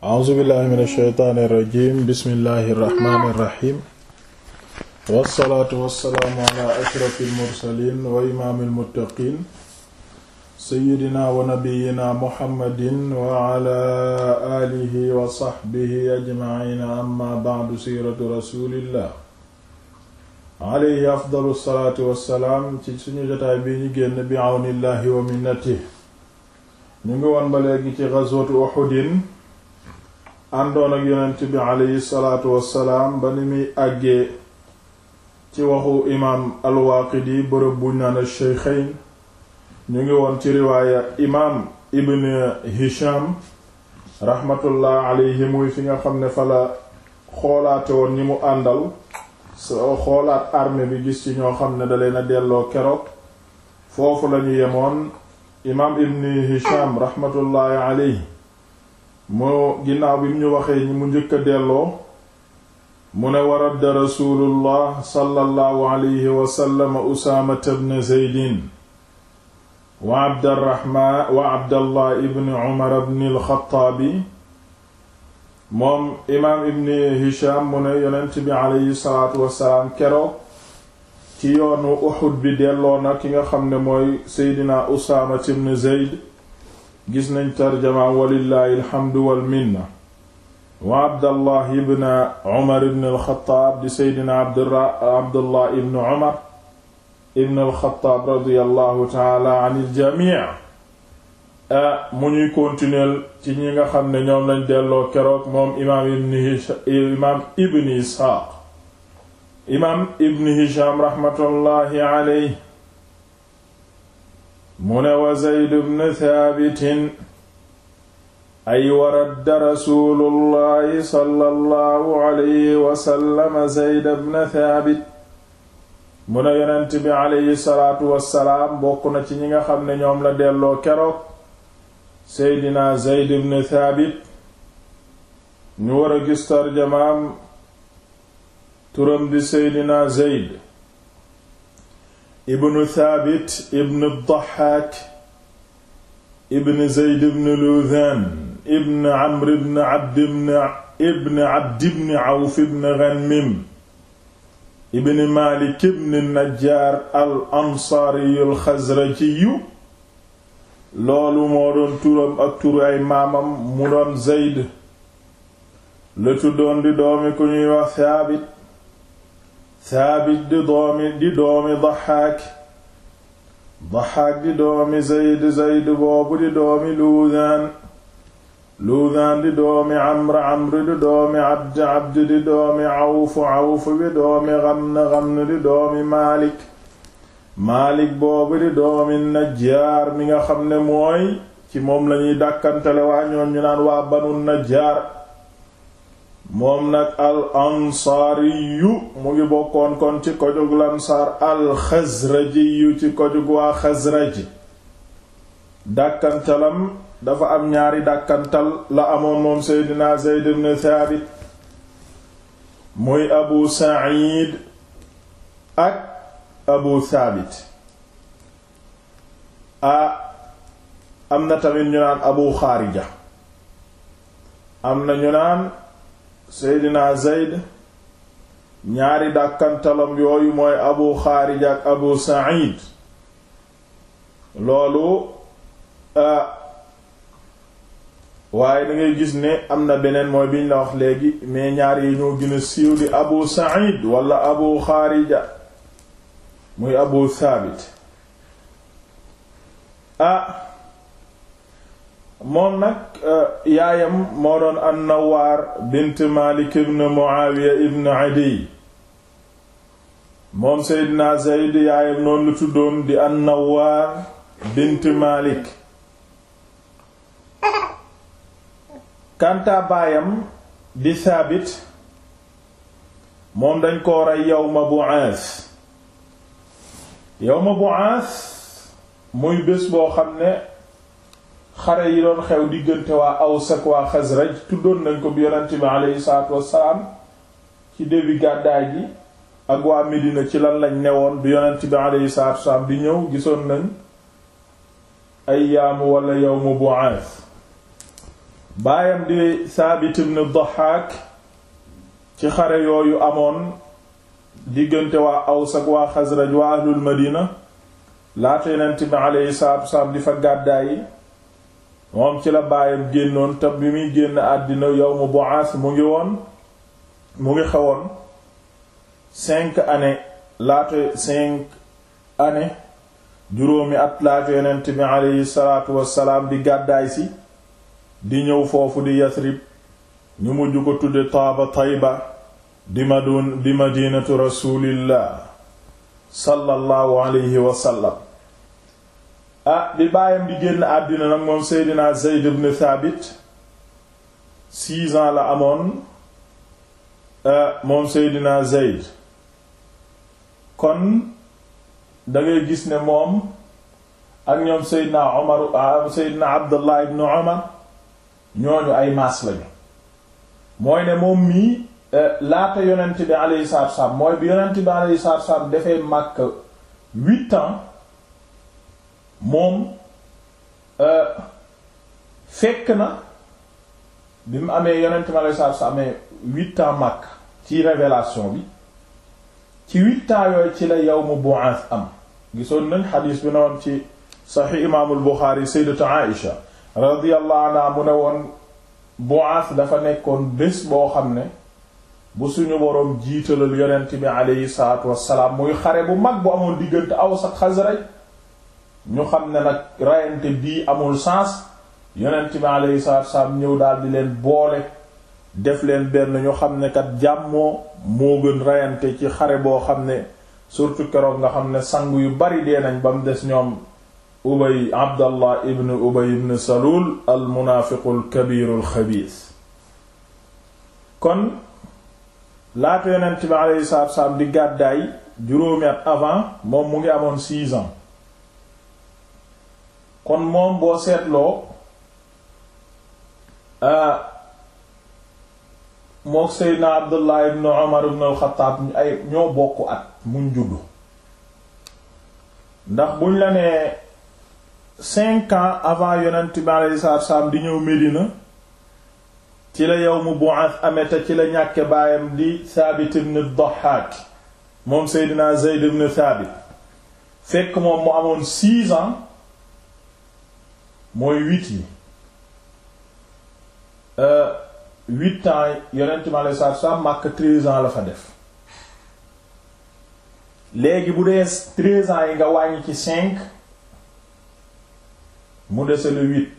a'uuzu billahi min ashaytaani irrajim bismillahi irrahmaani irrahim wassalaatu wassalaamu ala ashrafi almursalin wa imaami almuttaqin seyidina wa nabiyina muhammadin wa ala alihi wa saxbihi ajmaina amma ba'du siiratu rasulillah alayhi afdalu salaatu wassalaam ci suñu jotaay bi ñu génn bi awnillahi wa minnatihi ñu ngi woon ba léegi ci ghazwatu uhudin àndoon ak yonent bi aleyhi salaatu wassalaam ba ni muy àggee ci waxu imaam alwaaqidi bërëb bu naan ash-shaykhayn ñu ngi woon ci riwaaya imaam ibn hisham rahmatullah aleyhi muy fi nga xam ne fa la xoolaate woon ñi mu àndal soo xoolaat armée bi gis ci ñoo xam ne da leen delloo keroog foofu lañu yemoon imaam ibn hisham rahmatullahi aleyhi moo ginnaaw bi mu ñu waxee ñi mu njëkk a delloo mu ne waradda rasulullah sallallahu alayhi wasallam usaamata bn zeydin wa abdallah ibn umar bn alxataabi moom imaam ibn hisham mu ne yonent bi alayhi salaatu wasalaam keroog ci yoonu uxud bi delloo na ki nga xam ne mooy seydina usaamata bn zeyd gis nañ tarjama walillahi alhamdu wal minna wa abdallah ibn umar ibn alxataab di seydina abdullah ibn umar ibn alxataab radiallahu taala an iljamii ah, mu ñuy continuer ci ñi nga xam ne ñoom lañ delloo keroog moom imaam ibn hisham imaam ibn isxaaq imaam ibn hisham raxmatullahi aleyhi mu ne wa Zayd ibn Thaabitin ay waradda rasuulullahi sallallahu alayhi wasallam Zayd ibn Thaabit mu ne yonent bi alayhi salaatu wassalaam bokk na ci ñi nga xam ne ñoom la delloo keroog Seydina Zayd ibn Thaabit ñu war a gis tarjamaam turam di Seydina Zayd ibnu thabit ibn daxaak ibn zeyd ibn luzaan ibn amr ibn abd ibn abd ibn awf ibn ghanmim ibn malik ibn najjaar al ansaariyu al xazrajiyu loolu moo doon turam ak turu ay mamam mu doon zeyd la tuddoon di doomi ku ñuy wax thabit Saabit di doomi di doomi Daxaak Daxaak di doomi Zayd Zayd boobu di doomi Luudaan Luudaan di doomi Amr Amr di doomi Abd Abd di doomi Awf Awf di doomi Ghamn Ghamn di doomi Maalik Maalik boobu di doomi Najjaar mi nga xam ne mooy ci moom lañuy dàkkantale waa ñoom naan waa Banu Najjaar moom nag al ansaariyu mu ngi bokkoon kon ci kojug lansaar al xasrajiyu ci kojug waa xasraji dàkkantalam dafa am ñaari dàkkantal la amoon moom seydina zeyd ibn thaabit muy abu said ak abu thaabit a am na tamit ñu naan abu xaarija am na ñu naan seydina zeyd ñaari dàkkantalam yooyu mooy abu xaarij ak abu said loolu waaye da ngay gis ne am na beneen mooy biñ la wax léegi mais ñaar yi ñoo gën a siiw di abu said wala abu xarija muy abu thaabit ah moom nag euh, yaayam moo doon annawaar bint malik ibn muawiya ibn adiy moom seydina zayd yaayam noonu lu tuddoon di annawaar bint malik kanta baayam di saabit moom dañ ko rey yawma bu'aas yawma bu'aas muy bés boo xam ne xare yi doon xew diggante waa Aws ak waa Xasraj tuddoon nañ ko bi yonent bi aleyhi salaatu wassalaam ci début gàddaay gi ak waa Medina ci lan lañ newoon bi yonent bi aleyhi salaatu wassalaam di ñëw gisoon nañ ayyaamu wala yawmu Bu'ath baayam di Saabit ibn Dahhaak ci xare yooyu amoon diggante waa Aws ak waa Xasraj waa ahlul Madina laata yonent bi aleyhi salaatu wassalaam di fa gàddaay yi moom ci la baayam génnoon te bi muy génn àddina yawmu Bu'as mu ngi woon mu ngi xawoon cinq années laata cinq années juróomi at laata yonent bi aleyhi salaatu wassalaam di gàddaay si di ñëw foofu di Yasrib ñu mujj ko tudde Taaba Tayba di madun di madinatu rasulillah sallallahu alayhi wa sallam ah bi baayam di génn àddina nag moom Seydina Zayd ibn Thabit six ans la amoon ah, moom Seydina Zayd kon dangay gis ne moom ak ñoom Seydina Omar ah, Seydina Abdullah ibn Omar ñooñu ay maas lañu mooy ne moom mii eh, laata yonent bi alayhi salaatu wa salaam mooy bi yonent bi alayhi salaatu wa salaam dafay huit ans moom euh, fekk na bi mu amee yonent mi aleyhi salaatu salaam amee huit ans ci révélation bi ci huit ans yooyu ci la yawmu bu'ath am gisoon nañ xadiis bi na woon ci saxi imaamul Buxaari sayyidatu Aïsha radiyallahu anha mu ne woon bu'ath dafa nekkoon bés boo xam ne bu suñu boroom jiitalal yonent bi aleyhi salaatu wassalaam muy xare bu mag bu amoon diggante Aws ak ñu xam ne nag rayante bii amul sens yonent bi alayhi salaatu wasalaam ñëw daal di leen boole def leen benn ñu xam ne kat jàmmoo moo gën rayante ci xare boo xam ne surtout keroog nga xam ne sang yu bari dee nañ bam mu des ñoom ubay abdallah ibn ubay ibn salul al munaafiqul kabirul xabiis kon laata yonent bi alayhi salaatu di gàddaay juróomi at avant moom mu ngi amoon six ans kon moom boo seetloo moo seydna abdullah ibn omar ibn alxataab ñoo bokk at muñ juddu ndax buñ la nee cinq ans avant yonent bi alayhi salaatu salaam di ñëw Medina ci la yawmu Bu'ath amee te ci la ñàkke baayam di Thabit ibn Dahhak moom seydna Zayd ibn Thabit fekk moom mu amoon six ans mooy huit yi euh, huit ans yonent mi aleyhi salaatu salaam Makka treize ans la fa def léegi bu dee treize ans yi nga wàññi ci cinq mu dese le huit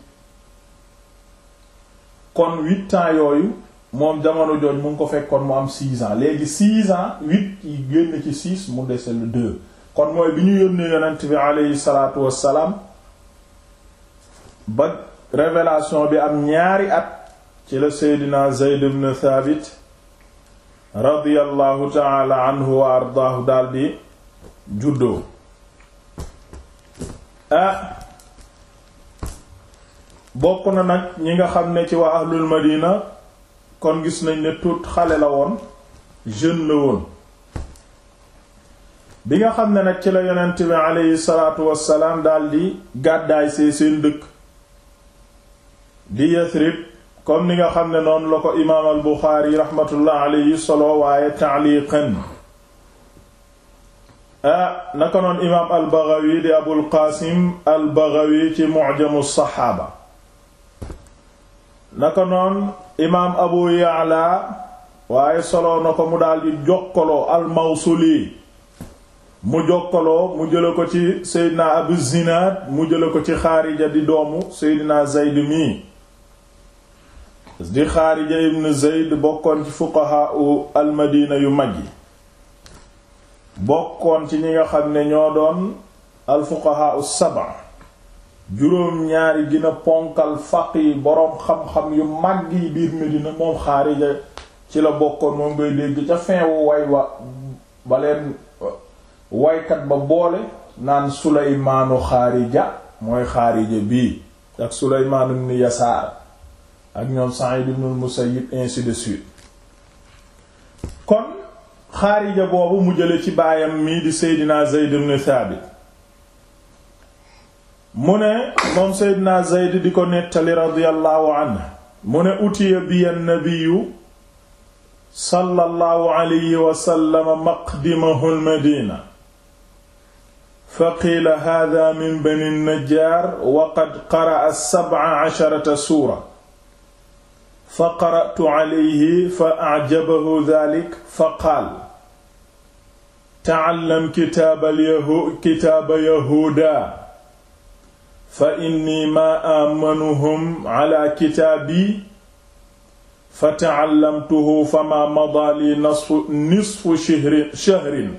kon huit ans yooyu moom jamono jooj mu ngi ko fekkoon mu am six ans léegi six ans huit yi génn ci six mu dese le deux kon mooy bi ñu yónnee yonent bi aleyhi salaatu wassalaam ba révélation bi am ñaari at ci la seydina Zayd ibn Thabit radiyallahu taala anhu wa ardaahu daldi juddoo ah, bokk na nag ñi nga xam ne ci waa ahlul madina kon gis nañ ne tuut xale la woon jeune la woon bi nga xam ne nag ci la yonent bi aleyhi salaatu wassalaam daldi gàddaay see seen dëkk di Yasrib comme ni nga xam ne noonu la ko imaam al Buxaari rahmatullah alayhi solo waaye taaliqan ah naka noon imaam al Baghawi di Abul Qaasim al Baghawi ci Mu'jamu Saxaaba naka noon imaam Abu Ya'la waaye solo na ko mu daldi jokkaloo al Mawsuli mu jokkaloo mu jële ko ci Seydina Abu Zinaad mu jële ko ci Xaarija di doomu Seydina Zayd mi di Xaarija ibn Zayd bokkoon ci fuqahaa u almadina yu mag yi bokkoon ci ñi nga xam ne ñoo doon alfuqahaa u saba juróom ñaari gina ponkal faq yi boroom xam-xam yu mag yi biir Medina moom Xaarija ci la bokkoon moom ngay dégg ca fin wu way wa ba waykat ba boole naan Suleymaanu Xaarija mooy Xaarija bii ak Suleymaan ibn Yasaar ak ñoom Sa'id ibn al kon xaarija boobu mu jële ci baayam mi di Seydina Zayd ibn Thabit mu ne Seydina Zayd di ko nettali radiyallahu anhu mu ne utiya bi an-nabiyyu sallallahu alayhi wa sallam maqdimahu al-Madina fa qiila min bani an-Najjar wa qad suura fa qara'tu alayhi fa a'jabahu dhalik fa qaal ta'allam kitaabal yahuud kitaaba yahuuda fa inni ma amanuhum ala kitaabi fa ta'allamtuhu fama madaa li nisfu nisfu shahrin shahrin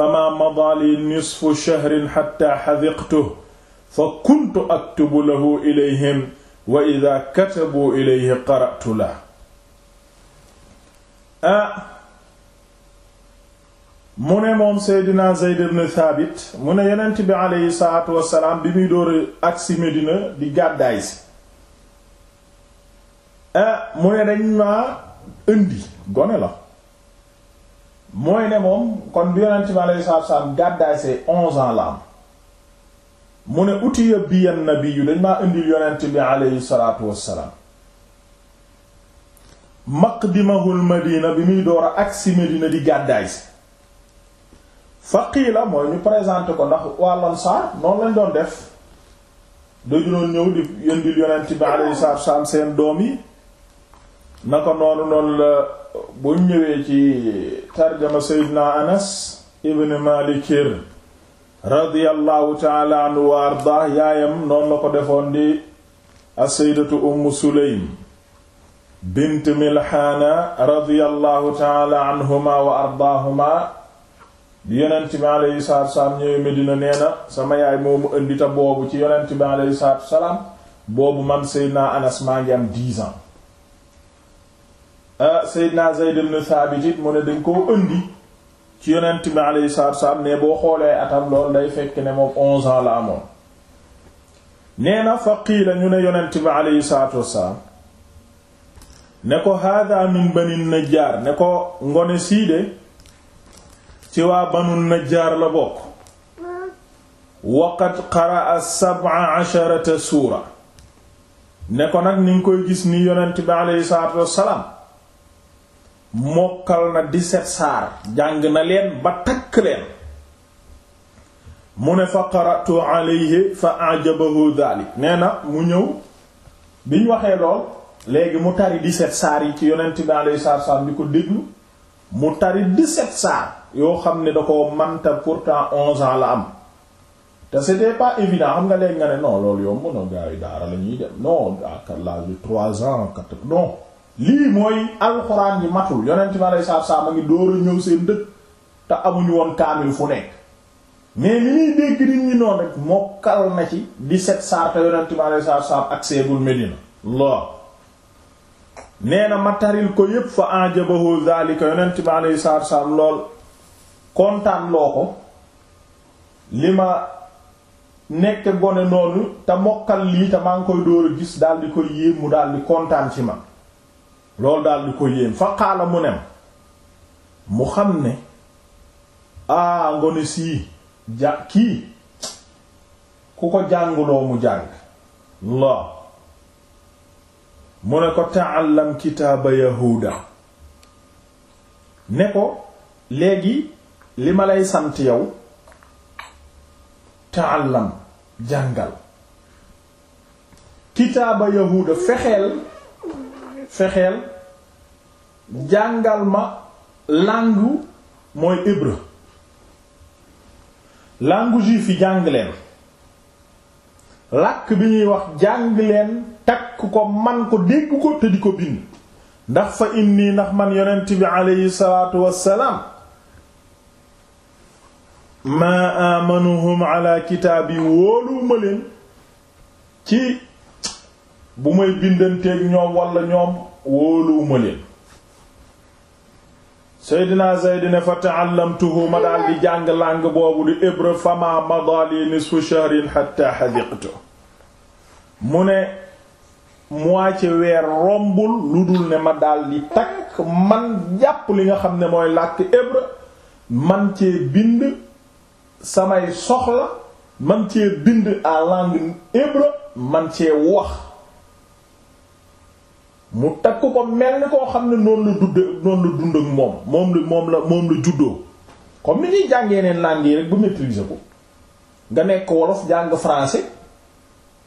fama madaa li nisfu shahrin hatta hadiqtuhu fa kuntu aktubu lahu ilayhim wa ida katabu ilayhi qara'tu la ah mu ne moom seydina zeyd ibn thabit mu ne yonent bi aleyhi salaatu wassalaam bi muy dóor agsi Medina di gàddaay si mu ne dañ ma indi gone la mooy ne moom kon bi yonent bi aleyhi salaatu wassalaam gàddaay see onze ans la am mu ne utiya biya nabiyu dañ maa indil yonent bi aleyhi salaatu wassalaam maqdimahul madina bi muy door a agsi madina di gàddaay si fa qiila mooy ñu présenté ko ndax wàllan saar noonu lañ doon def dañu doon ñëw di yëndil yonent bi aleyhi salaatu wassalaam seen doom yi naka noonu noonu la buñ ñëwee ci tarjama Seydina Anas ibn Malikir radiyallahu taala anhu wa ardah yaayam noonu la ko defoon di assaydatu umm sulaym bint milhaana radiyallahu taala wa ardaahuma bi aleyhi sama yaay moomu indi ta boobu ci yonent bi aleyhi salaatu wasalaam boobu man Seydina Anas maa ngi am dix ans ah, Seydina mu ne dañ koo indi ci yonent bi alayhi salaatu wassalaam ne boo xoolee atam loolu day fekk ne moom onze ans la amoon nee na fa qiila ñu ne yonent bi alayhi salaatu wassalaam ne ko hada min bani najjaar ne ko ngone sii de ci waa banu najjaar la bokk waqad qaraa sab'a asharata suura ne ko nag ni nga koy gis ni yonent bi alayhi salaatu wassalaam mokkal na 17 saar jàng na leen ba takk leen mu ne fa qara'tu alayhi fa ajabahu dhalik nee na mu ñëw biñ waxee lool léegi mu tari 17 saar yi ci yonent bi alayhi salaatu salaam di ko déglu mu tari 17 saar yoo xam ne da ko manta pourtant 11 ans la am te c'était pas évident xam nga léegi nga ne non loolu yomb na gars yi daara la ñuy dem non à l'âge de 3 ans 4 non lii mooy alxuraan yi matul yonent bi aleyhi salaatu salaam a ngi door a ñëw seen dëkk te amuñu woon kaamil fu nekk mais li ñuy dégg nit ñi noonu mokkal na ci 17 saar te yonent bi aleyhi na ma taril ko yépp fa anjabahu zalika yonent bi aleyhi salaatu salaam lool kontaan loo ko li ma nekk gone noonu te mokkal lii te maa ngi koy door a gis daal di koy yéem mu daal di kontaan ci ma loolu daal di ko yéem fa xaala mu nem mu xam ne aa ngone sii ja kii ku ko jànguloo mu jàng laa mu ne ko ta'allam kitaaba yahuuda ne ko léegi li ma lay sant yow ta'allam jàngal kitaaba yahuuda fexeel fexeel jàngal ma langue mooy hébreu langue juif yi jàng leen làkk bi ñuy wax jàng leen takk ko man ko dégg ko te di ko bind ndax fa inni ndax man yonent bi aleyhi salaatu wassalaam maa amanuhum ala kitaab yi wóoluwuma leen ci bu may bindanteeg ñoom wala ñoom wóoluwuma leen seydinaa Zayd ne fa ta'allamtuhu ma daal di jàng langue boobu di hébreu fama madali nisfu shahrin hatta hadiqtu mu ne moitié weer rombul lu dul ne ma dal di takk man jàpp li nga xam ne mooy làkk hébreu man cee bind samay soxla man cee bind à langue man cee wax mu takk ko mel ni koo xam ne noonu la dudd noonu dund ak moom moom la moom la moom la juddoo comme ni ñuy jàngee neen langue yi rek bu maîtriser ko nga nekk wolof jàng français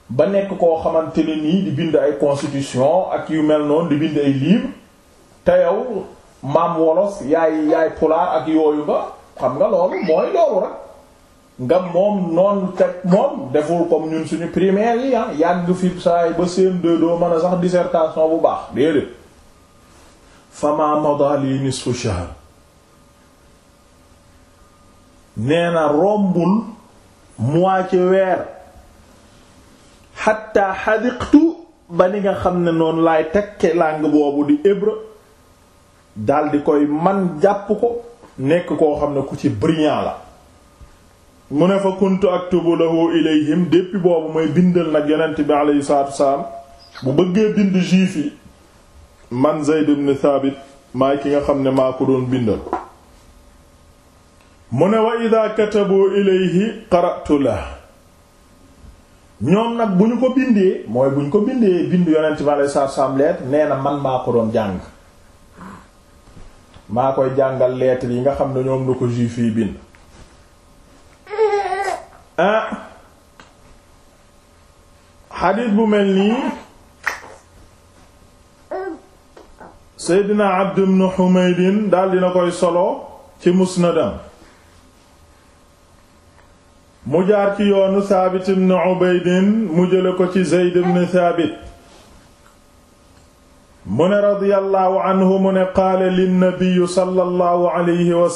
ba nekk koo xamante ne nii di bind ay constitution ak yu mel noonu di bind ay livre te yow maam wolof yaay yaay pulaar ak yooyu ba xam nga loolu mooy loolu rek nga moom noonu teg moom deful comme ñun suñu primaire yi ah, yàgg fi saay ba seen doo mën a sax dissertation bu baax déedéet fama madali nisfu shahr nee na rombul mois ci weer xatta xadiqtu ba ni nga xam ne noonu laay tekke làng boobu di hébreu dal di koy man jàpp ko nekk koo xam ne ku ci brillant la mu ne fa kuntu aktubu lahu ilayhim depuis boobu mooy bindal nag yonent bi alayhi salaatu wasalaam bu bëggee bind juif yi man Zayd ibn Thabit maay ki nga xam ne maa ko doon bindal mu ne wa ida katabu ilayhi qara'tu la ñoom nag bu ñu ko bindee mooy bu ñu ko bindee bind yonent bi alayhi salaatu wasalaam lettre nee na man maa ko doon jàng maa koy jàngal lettre yi nga xam ne ñoom la ko juif yi bind ah xadiis bu mel nii seydina Abd ibn Humaydin daal dina koy solo ci musnadam mu jaar ci yoonu Saabit ibn Ubaydin mu jële ko ci Zayd ibn Saabit mu ne radiyallahu anhu mu ne qaala linnabiyu sallallahu alayhi wa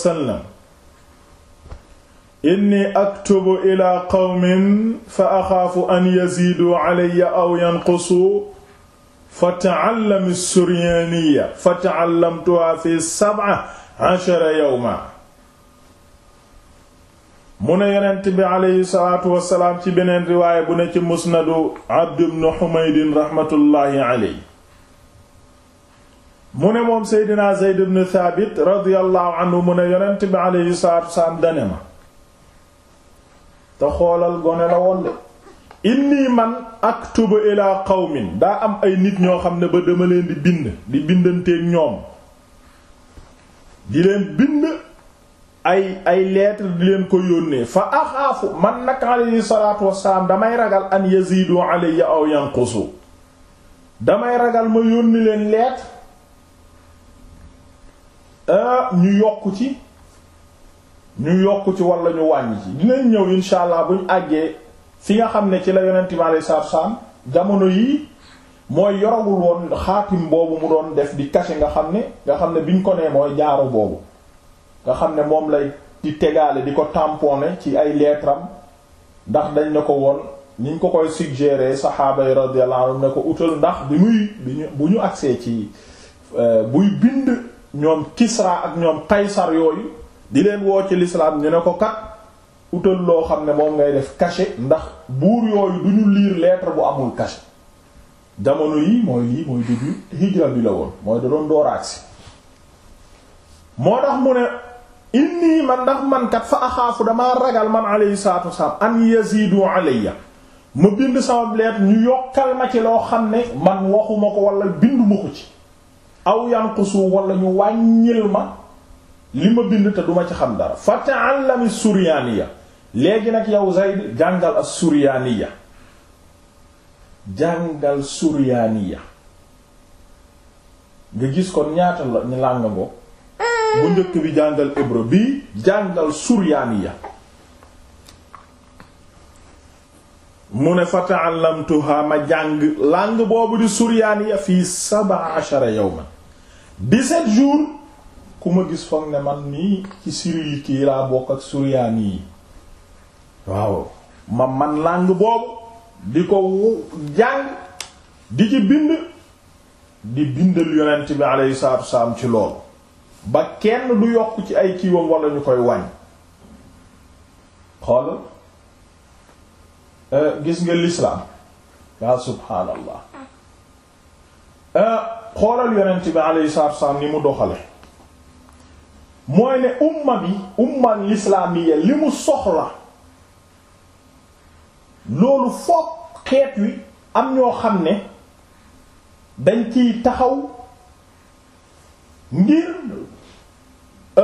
inni aktubu ila qawmin fa axaafu an yaziidu alayya aw yanqusu fa ta'allami suryaaniya fa ta'allamtuha fi sab'a ashara yawma mu ne yonent bi aleyhi salaatu wasalaam ci beneen riwaaya bu ne ci musnadu Abd ibn Humaydin raxmatullaahi aleyhi mu ne moom seydinaa Zayd ibn Thaabit radiyallaahu anhu mu ne yonent bi aleyhi salaatu wasalaam dane ma te xoolal gone la woon de inni man aktubu ila qawmin daa am ay nit ñoo xam ne ba dama leen di bind di bindanteeg ñoom di leen bind ay ay lettre di leen ko yónnee fa axaafu man nag alayhi salaatu wassalaam damay ragal an yazidu alayya aw yanqusu damay ragal ma yónni leen lettre ah, ñu yokk ci ñu yokk ci wala ñu wàññi ci dinañ ñëw insha allah bu ñu àggee fi nga xam ne ci la yonent bi alayhi jamono yii mooy yoragul woon xaatim boobu mu doon def di caché nga xam ne nga xam ne biñ ko nee mooy jaaro boobu nga xam ne moom lay di tegaale di ko tàmpoone ci ay leetram ndax dañ ne ko woon niñ ko koy suggérer saxaaba yi radiyallahu anhum ne ko utal ndax bi muy bu ñu agsee ci euh, buy bind ñoom Kisra ak ñoom Kaysar yooyu di leen woo ci lislaam ñu ne ko kat utal loo xam ne moom ngay def cachet ndax buur yooyu du ñu liir lettre bu amul cachet jamono yii mooy lii mooy début hijra bi la woon mooy da doon dooraat si moo tax mu ne inni man ndax man kat fa axaafu damaa ragal man alayhi salaatu wasalaam an yazidu alayya ma bind sama lettre ñu yokkal ma ci loo xam ne man waxuma ko walla binduma ko ci aw yanqusu wala ñu wàññil ma li ma bind te duma ci xam dara fa ta'allami suryaaniya léegi nag yow Zayd jàngal as ya jàngal suryaaniya nga gis ko ñaata la làng ngoo bu njëkk bi jàngal hébreu bi jàngal suryaaniya mu ne fa ta'allamtuha ma jàng làng boobu di suryaaniya fii sab'a ashara yawman 17 jours ku ma gis foog ne man mii ci Siriki yi laa bokk ak Suryaani yi waaw ma man langue boobu di ko jàng di ci bind di bindal yonent bi alayhi salaatu wasalaam ci loolu ba kenn du yokk ci ay kiiwam wala ñu koy wàññ xool euh, gis nga lislaam yaa subhaanallah euh, xoolal yonent bi alayhi salaatu wasalaam ni mu doxale mooy ne umma bi umma lislaamiya li mu soxla loolu foog xeet wi am ñoo xam ne dañ ciy taxaw ngir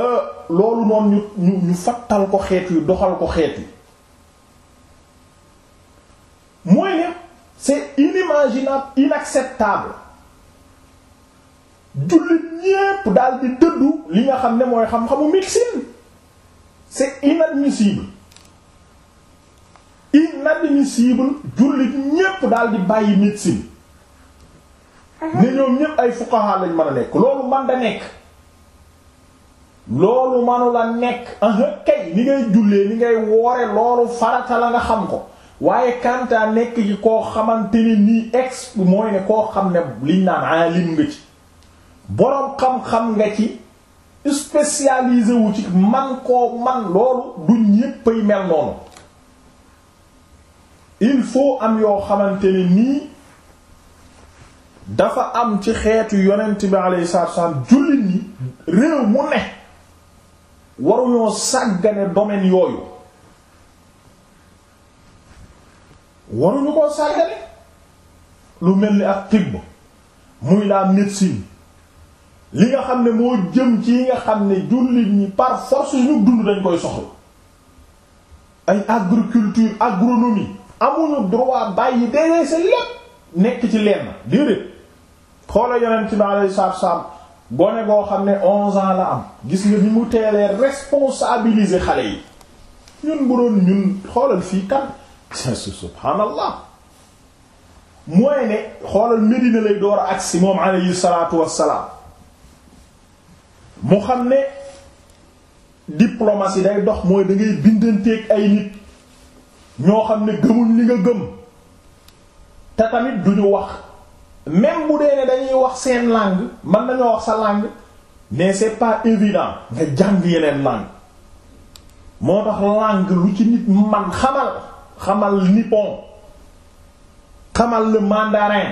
euh, loolu noonu ñu ñu ñu fattal ko xeet wi doxal ko xeet wi mooy ne c'est inimaginable inacceptable jullit ñépp daal di dëddu li nga xam ne mooy xam-xamu médecine c'est inadmissible inadmissible jullit ñépp daal di bàyyi médecine uh-huh. ne ñoom ñépp ay fuqaha lañ mën a nekk loolu man da nekk loolu manu la nekk aha uh-huh. kay ni ngay jullee ni ngay woore loolu farata la nga xam ko waaye kantaa nekk ci koo xamante ni nii ex mooy ne koo xam ne liñ naan alim nga ci boroom xam-xam nga ci spécialisé wu ci man koo man loolu du ñéppay mel noonu il faut am yoo xamante ne nii dafa am ci xeetu yonent bi alayhi salaatu wasallam jullit ñi réew mu ne waruñoo sàggane domaine yooyu waruñu koo sàggane lu mel ni ak tibb muy la médecine li nga xam ne moo jëm ci yi nga xam ne jullit ñi par force ñu dund dañ koy soxla ay agriculture agronomie amuñu droit bàyyi déedéet sa lépp nekk ci lenn déedéet xoola yonent bi alayhi salaatu salaam gone goo xam ne onze ans la am gis nga ni mu teelee responsabiliser xale yi ñun bu doon ñun xoolal fii kan subhaanallah mooy ne xoolal Medina lay door a agsi moom alayhi salaatu wassalaam mu xam ne diplomatie day dox mooy dangay ngay bindanteeg ay nit ñoo xam ne gëmuñ li nga gëm te tamit du ñu wax même bu dee ne dañuy wax seen làng man nañoo wax sa langue mais c'est pas évident nga jàng yeneen langue moo tax langue lu ci nit man xamal xamal nippon xamal le mandarin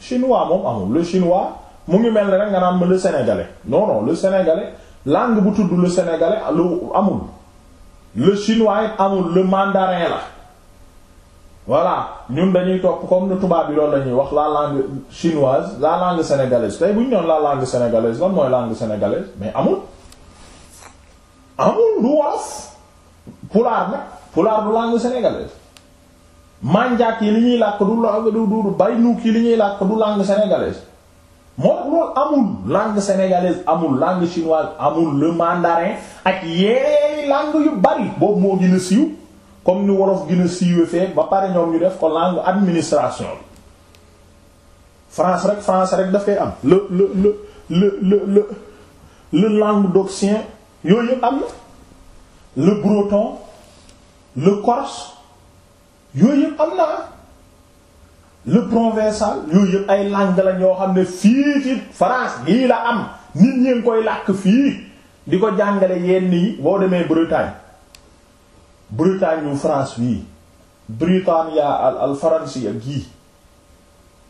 chinois moom amul le chinois mu ngi mel ni rek nga naan ma le sénégalais non non le sénégalais bu tudd le sénégalais lu amul le chinois it amul le mandarin la voilà ñun dañuy topp comme le tubaab bi loolu la wax la langue chinoise la langue sénégalaise tey bu ñu noonu la langue sénégalaise lan mooy langue sénégalaise mais amul amul du wolof pulaar nag pulaar du langue sénégalaise manjaak yi li ñuy làkk du du du baynuuk yi li ñuy làkk du langue sénégalaise moom loolu amul langue sénégalaise amul langue chinoise amul le mandarin ak yeereeni langue yu bari boobu moo gën siiw comme ni wolof gën siiwee fee ba pare ñoom ñu def ko langue administration bi France rek France rek dafay am le le le le le le le yëpp am na le breton le corse yooyu yëpp am na le provençal yooyu yëpp ay langue la ñoo xam ne fii ci France gii la am nit ñi ngi koy làkk fii di ko jàngale yenn yi boo demee Bretagne Bretagne yu France bii Britannia al al faransi ak gii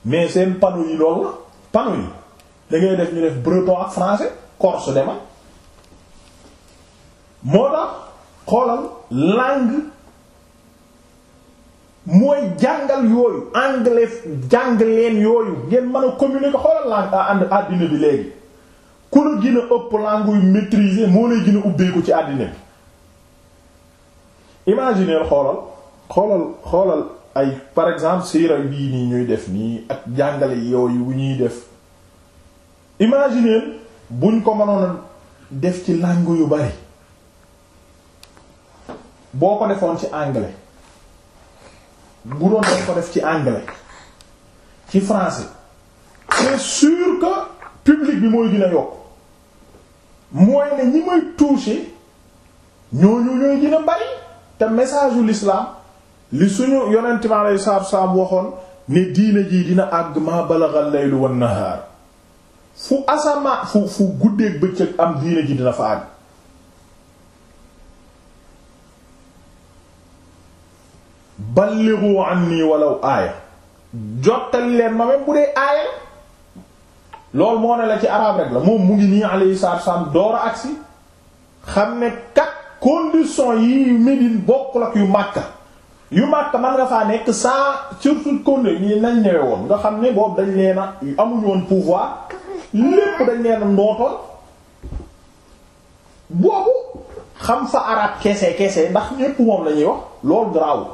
mais seen panneau yi loolu la panneau yi da def ñu def breton ak français corse dema moo tax xoolal langue mooy jàngal yooyu anglais jàng leen yooyu ngeen mën a communiquer xoolal langue àddina bi léegi ku la gën ëpp langue yu maîtriser moo lay gën ubbeeku ci àddina bi imaginer xoolal xoolal xoolal ay par exemple siira bii nii ñuy def nii ak jàngale yooyu bu ñuy def imaginer buñ ko mënoon a def ci langue yu bari boo ko defoon ci anglais bu doon dañ ko def ci anglais ci français c'est sûr que public bi mooy dina yokk mooy ne ñi may toucher ñooñu ñooy dina bari te message u l'islam li suñu yonent mi alayhi salaatu wasalaam waxoon ne diina jii dina àgg ma balagal laylu wan nahaar fu asama fu fu guddeeg bëccëg am diina ji dina fa àgg ballighu anni walaw aaya jottali leen ma même bu dee aaya loolu moo ne la ci arab rek la moom mu ngi nii alayhi salaatu wassalaam door a agsi xam ne kat condition yi Médine bokkul ak yu Makka yu Makka man nga faa nekk sans surtout condition yi nañ ñëwee woon nga xam ne boobu dañ leen a amuñu woon pouvoir lépp dañ leen a boobu xam fa arab kese kese ndax ñépp moom la ñuy wax loolu garaawul.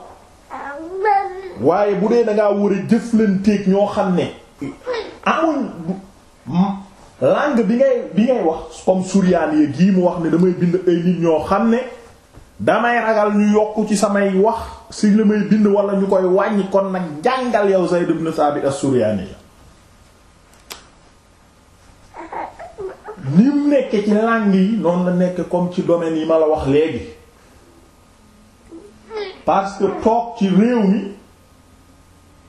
waaye bu dee da ngaa war a jëflanteeg ñoo xam ne amuñ langue bi ngay bi ngay wax comme suryaan yi gii mu wax ne damay bind ay nit ñoo xam ne damay ragal ñu yokk ci samay wax si la may bind wala ñu koy wàññi kon nag jàngal yow Zayd ibn Sabit as-Suryaani ni mu nekk ci langue yi noonu la nekk comme ci domaine yi ma la wax léegi parce que toog ci réew mi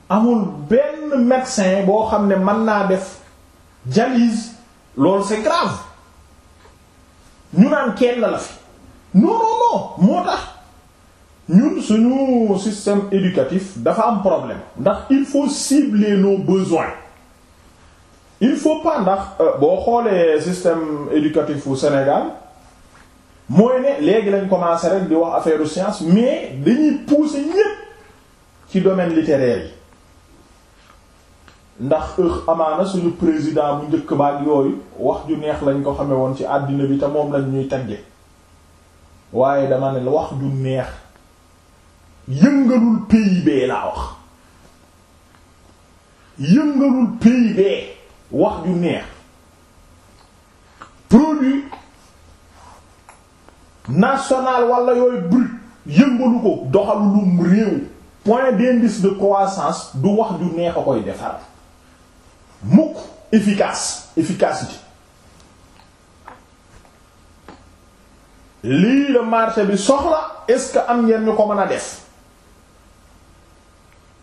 amul benn médecin boo xam ne mën naa def dialyse lool c'est grave ñu naan kenn la fi non moo tax ñun suñu système éducatif dafa am problème ndax il faut cibler nos besoins il faut pas ndax euh, boo xoolee système éducatif au Sénégal mooy ne léegi lañ commencé rek di wax affaire science mais dañuy pousser ñépp ci domaine littéraire yi ndax ëx amaana suñu président bu njëkk baak yooyu wax ju neex lañ ko xame woon ci àddina bi te moom lañ ñuy tagge waaye dama ne wax ju neex yëngalul PIB laa wax yëngalul PIB wax ju neex produit national walla yooyu brut yëngalu ko doxalu lum réew point d'indice de croissance du wax ju neex a koy defar mukk efficace efficacité lii la marché bi soxla est-ce que am ngeen ñu ko mën a def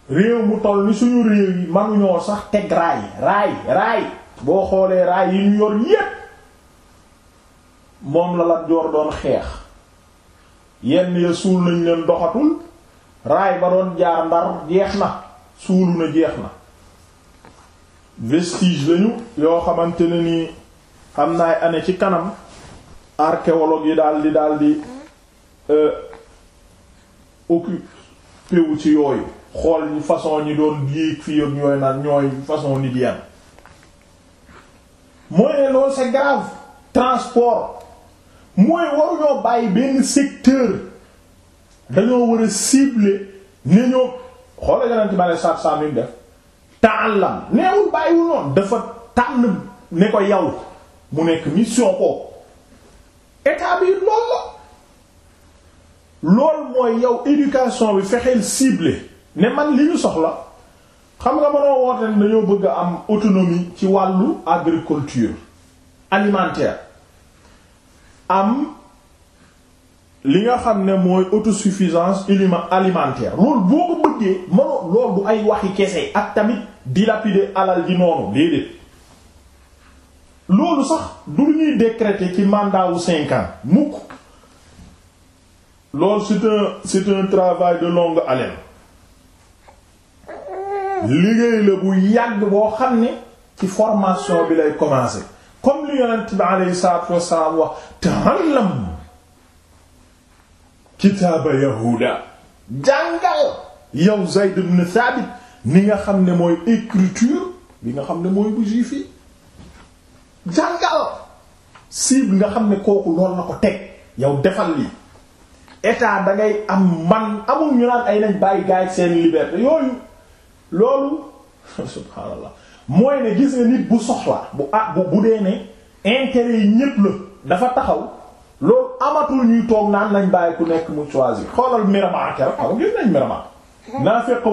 réew mu toll ni suñu réew yi manuñoo sax teg raay raay raay boo xoolee raay yi ñu yor yépp moom la Lat Joor doon xeex yenn ya suul nañ leen doxatul raay ba doon jaar jeex na suulu na jeex na vestige lañu yoo xamante ne nii am na ay ci kanam archéologue yi daal di daal di euh, occupé wu ci yooyu xool ñu façon ñi doon yéeg fii ak ñooy naan ñooy façon nit yan mooy ne loolu c'est grave transport mooy waruñoo bàyyi benn secteur dañoo war a cibler ne ñoom xoolal yonent bi alayhi salaatu salaam def ta'allam neewul bàyyiwul noonu dafa tànn ne ko yow mu nekk mission kooku état bi lool la. loolu mooy yow éducation bi fexeel ciblé ne man li ñu soxla xam nga ma woote ne dañoo bëgg a am autonomie ci wàllu agriculture alimentaire. am li nga xam ne mooy autosuffisance ilima alimentaire loolu boo bëggee mënoo loolu du ay waxi kese ak tamit dilapider alal ji noonu déedéet loolu sax du lu ñuy décréter ci mandat wu cinq mukk loolu c'est un travail de longue haleine liggéey la bu yàgg boo xam ne ci formation bi lay commencer comme li yonent bi aleyhi salaatu wasalaam wax ta'allam kitaaba yahuda jàngal yow Zayd ibn Thabit ni nga xam ne mooy écriture bi nga xam ne mooy bu juif yi jàngal si bi nga xam ne kooku lool na ko teg yow defal lii état da ngay am man amul ñu naan ay nañ bàyyi gaay seen liberté yooyu loolu subhaanallah mooy ne gis nga nit bu soxla bu ah bu bu dee ne intérêt yi ñépp la dafa taxaw loolu amatul ñuy toog naan nañ bàyyi ku nekk mu choisir xoolal Miramax keroog xam nga gis nañ Miramax. naa fekk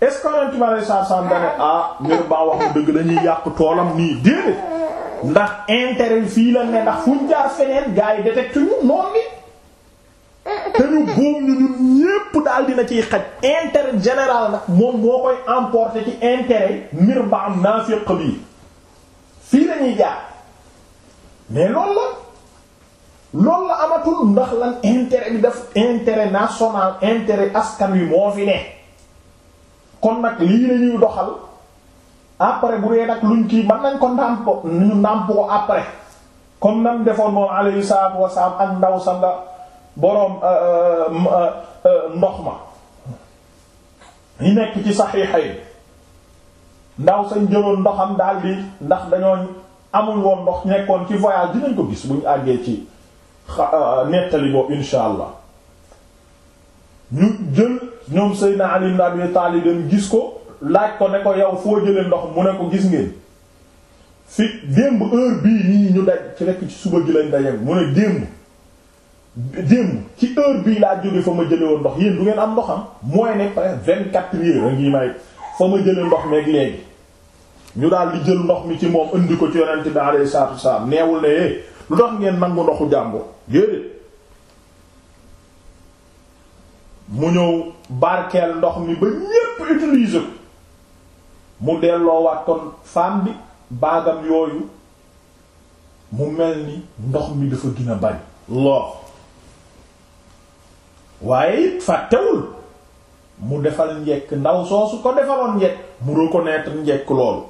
est-ce que ren tubaab yi saa sàmm daanaka ah Miramax wax dëgg dañuy yàq toolam nii déedéet ndax intérêt fii la ne ndax fuñ jaar feneen gars yi détecté ñu noonu. te ñu góom ñu ñun ñépp daal dina ciy xaj intérêt général nag moom moo koy emporter ci intérêt mbir ba am naafiq bi fii lañuy jaar mais loolu la loolu la amatul ndax lan intérêt bi daf intérêt national intérêt askan wi moo fi ne kon nag lii lañuy doxal après bu dee nag luñ kii mën nañ ko ndàmp ñu ndàmp ko après kon nam defoon moom alayhi salaatu wasalaam ak ndaw sa boroom euh, euh, euh, ndox ma yi nekk ci saxiixay ndaw sañ jëloon ndoxam daal di ndax dañoo amul woon ndox nekkoon ci voyage dinañ ko gis buñu àggee ci nettali boobu insha allah ñu jël ñoom Seydina Ali ibn Abi Taalib dem gis ko laaj ko ne ko yow foo jëlee ndox mu ne ko gis ngeen fi démb heure bii nii ñu daj ci rekk ci suba gi lañ daje mu ne démb démb ci heure bii laa jóge fa ma jële woon ndox yéen du ngeen am ndoxam mooy ne presque vingt quatre heures a ngi may fa ma jële ndox meeg léegi ñu daal di jël ndox mi ci moom indi ko ci yonent bi alayhi salaatu wasalaam neewul ne é eh, lu tax ngeen nangu ndoxu jàmbur déedéet mu ñëw barkeel ndox mi ba ñépp utiliser ko mu delloowaat kon femme baagam yooyu mu mel ni ndox mi dafa gën a bari waaye it fàttewul mu defal njekk ndaw soosu ko defaloon njekk mu reconnaître njekk loolu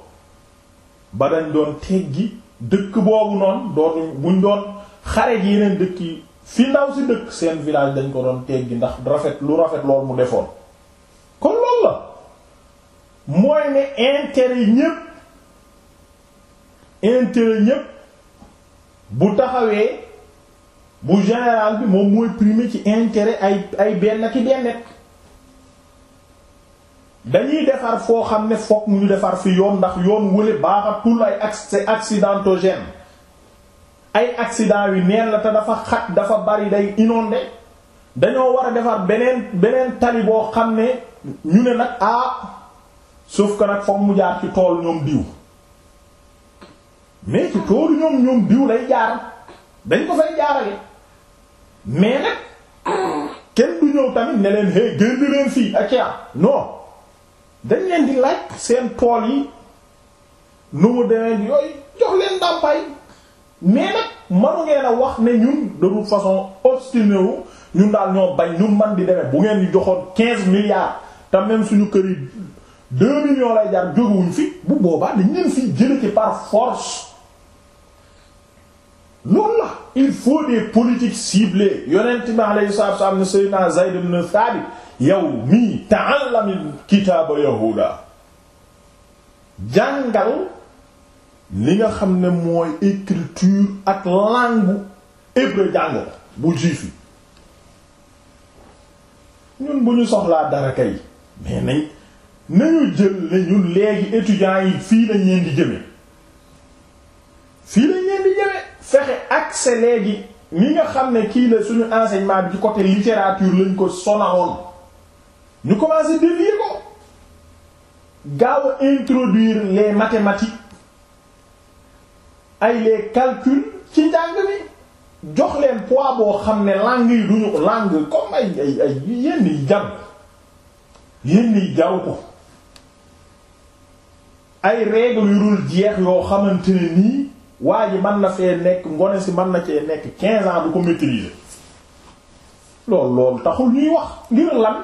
ba dañ doon teggi dëkk boobu noonu doon buñ doon xare ji yeneen dëkk yi fi ndaw si dëkk seen village dañ ko doon teggi ndax rafet lu rafet loolu mu defoon kon loolu la mooy ne intérêt ñépp intérêt ñépp bu taxawee bu général bi moom mooy primer ci intérêt ay ay benn ki bennet dañuy defar foo xam ne fokk ñu defar fi yoon ndax yoon wële baaxatul ay acc accidentogène ay accident yu neen la te dafa xat dafa bari day inondé dañoo war a defar beneen beneen tali boo xam ne ñu ne nag ah sauf que nag fokk mu jaar ci tool ñoom diw mais ci toolu ñoom ñoom diw lay jaar dañ ko fay jaarale mais nag kenn du ñëw tamit ne leen hey génn leen fii ak yaa dañ leen di laaj seen tool yi nu mu demee yooyu jox leen ndàmpaay mais nag manu ngeen a wax ne ñun de toute façon obstiné wu ñun daal ñoo bañ ñu man di demee bu ngeen di joxoon quinze milliards te suñu kër yi deux millions lay jaar jógewuñ fii bu boobaa dañ leen fiy jële ci par force loolu la. il faut des politiques ciblées yonent bi alayhi salaatu wasallam ne Seydina Zayd ibn Thabit yow mii ta'allamil kitaaba yahuda jàngal li nga xam ne mooy écriture ak langue hébreu jàngo bu juif yi ñun bu ñu soxlaa dara kay mais nañ nañu jël ne ñun léegi étudiants yi fii lañ leen di jëme fii lañ leen di jëme fexe accès léegi ni nga xam ne kii la suñu enseignement bi ci côté littérature lañ ko sonaloon ñu commencé dévier ko gaaw a introduire les mathématiques ay les calculs ci njàng mi jox leen poids boo xam ne langue yi duñu langue comme ay ay ay yenn yi jàng yenn yi jaw ko ay règles yu jeex yoo xamante ne nii waa ji man na fee nekk ngone si man na cee nekk 15 ans du ko maîtriser loolu loolu taxul ñuy wax ngir lan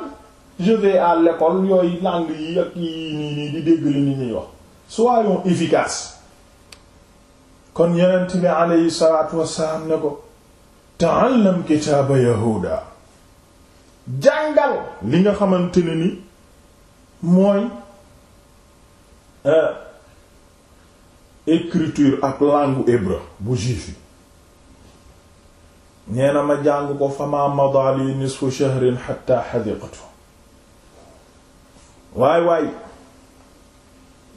je vais à l'école yooyu langue yi ak yi nii nii di dégg li ni ñuy wax soyons efficaces kon yonent bi aleyhi salaatu wassalaam ne ko ta'allam kitaaba yahuda jàngal li nga xamante ne ni mooy euh, écriture ak langue hébreu bu juif yi nee ma jàng ko fama madali nisfu shahrin hatta hadiqatu waay waay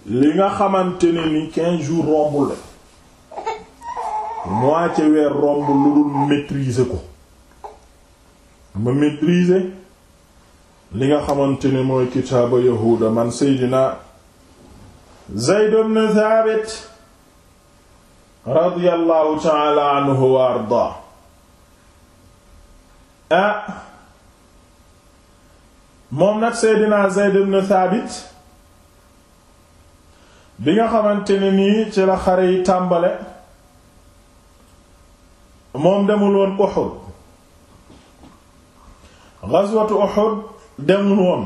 li nga xamante ni quinze jours la moitié weer romb lu dul maîtriser ko ma maîtriser li nga xamante ne mooy kitaaba yahuuda man seydina Zayd ibn Thabit radiyallahu taala anhu wa ardaa ah, moom nag seydina Zayd ibn Thabit bi nga xamante ne nii ci la xare yi tàmbale moom demul woon Uhud ghazwatu Uhud demul woon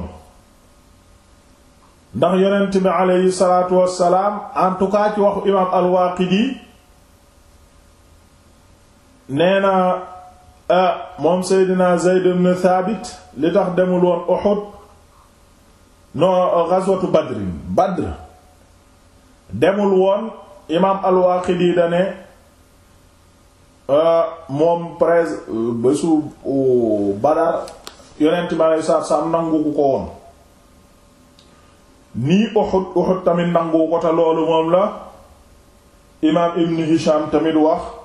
ndax yonent bi aleyhi salaatu wassalaam en tout ci waxu imaam al nee na ah, moom Seydina Zayd ibn Thabit li tax demul woon Uhud no ghazwatu Badr Badr demul woon imaam al-Waaqidi dane ah, moom prese bésu Badar yonent bi alei satu salaam nangu ko woon nii Uhud Uhud tamit nangu ko te loolu moom la imaam Ibn Hisham tamit wax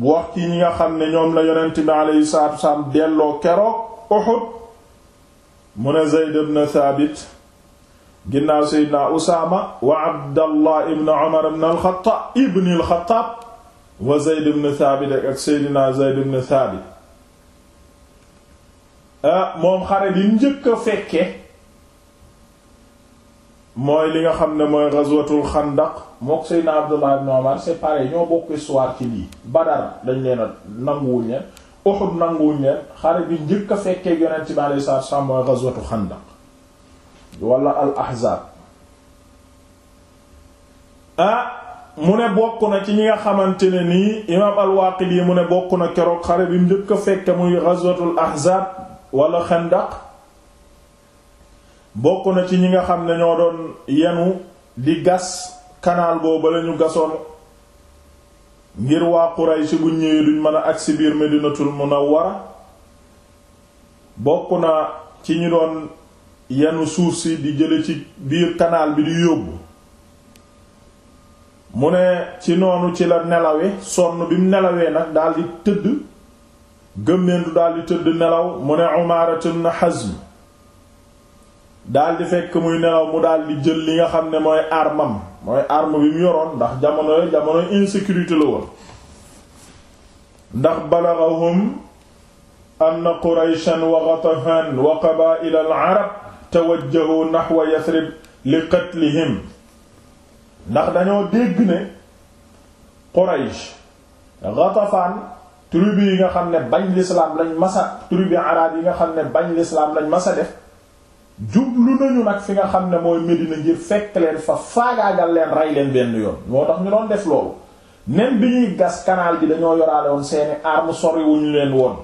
wax ñi nga xam ne ñoom la yonent bi aleyhi salaatu wasalaam delloo keroog Uhud mu ne Zayd ibn Thabit ginnaaw Seydina Usaama wa Abdallah ibn Umar ibn al ibn al wa Zayd ibn Thabit ak Seydina Zayd ibn Thabit ah, moom xare bi njëkk a fekke mooy li nga xam ne mooy ghazwatul xandaq mook Seydina Abdullah ibn Umar c'est pareil ñoo bokk histoire ci lii Badar dañ leen a nanguwuñ leen Uhud xare bi njëkk a fekkee yonent bi alayhi salaatu wassalaam mooy ghazwatul xandaq wala al ahzab ah mu ne bokk na ci ñi nga xamante ne nii imaam al-Waaqidi mu ne bokk na keroog xare bi njëkk a fekke muy ghazwatul ahzab wala xandaq bokk na ci ñi nga xam ne ñoo doon yenu di gas kanaal boobu la gasoon ngir waa Quraysh bu ñëwee duñ mën a agsi biir Madinatul Munawwara bokk na ci ñi doon yenu suuf si di jële ci biir kanaal bi di yóbbu mu ne ci noonu ci la nelawe sonn bi mu nelawee nag daldi tëdd gëm neen du daldi tëdd nelaw mu ne Umaara ibn Hazm daal di fekk muy nelaw mu daal di jël li nga xam ne mooy armam mooy arme bi mu yoroon ndax jamono yi jamono insécurité la woon ndax balaghahum anna qurayshan wa ghatafan wa qaba'il al arab tawajjahu nahwa yasrib li qatlihim ndax dañoo dégg ne quraysh ghatafan tribu yi nga xam ne bañ lislaam lañ masa tribu arab yi nga xam ne bañ lislaam lañ masa def jublu nañu nag fi nga xam ne mooy Medina ngir fekk leen fa faagaagal leen rey leen benn yoon moo tax ñu doon def loolu même bi ñuy gas canal bi dañoo yoraale woon seeni arme soriwuñu leen woon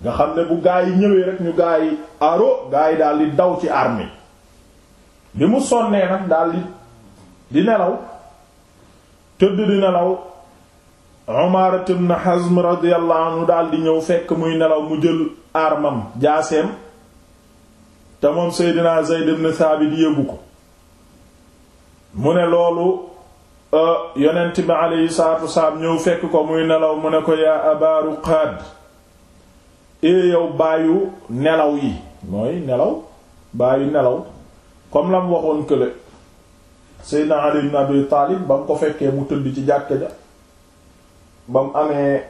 nga xam ne bu gaa yi ñëwee rek ñu gaa yi aro gaa yi daal daw ci arme bi mu sonnee nag daldi di nelaw tëdd di nelaw Umar ibn Hazm radiyallahu anhu daal di ñëw fekk muy nelaw mu jël armam jaaseem te moom Seydina Zayd ibn Thabit ko mu ne loolu euh, yonent bi aleyhi salaatu wasalaam ñëw fekk ko muy nelaw mu ne ko yaa abaaru qaad ee yow bàyyu nelaw yi mooy nelaw bàyyu nelaw comme la mu waxoon kële Seydina Ali ibn Abi Taalib ba mu ko fekkee mu tëdd ci jàkk ja ba mu amee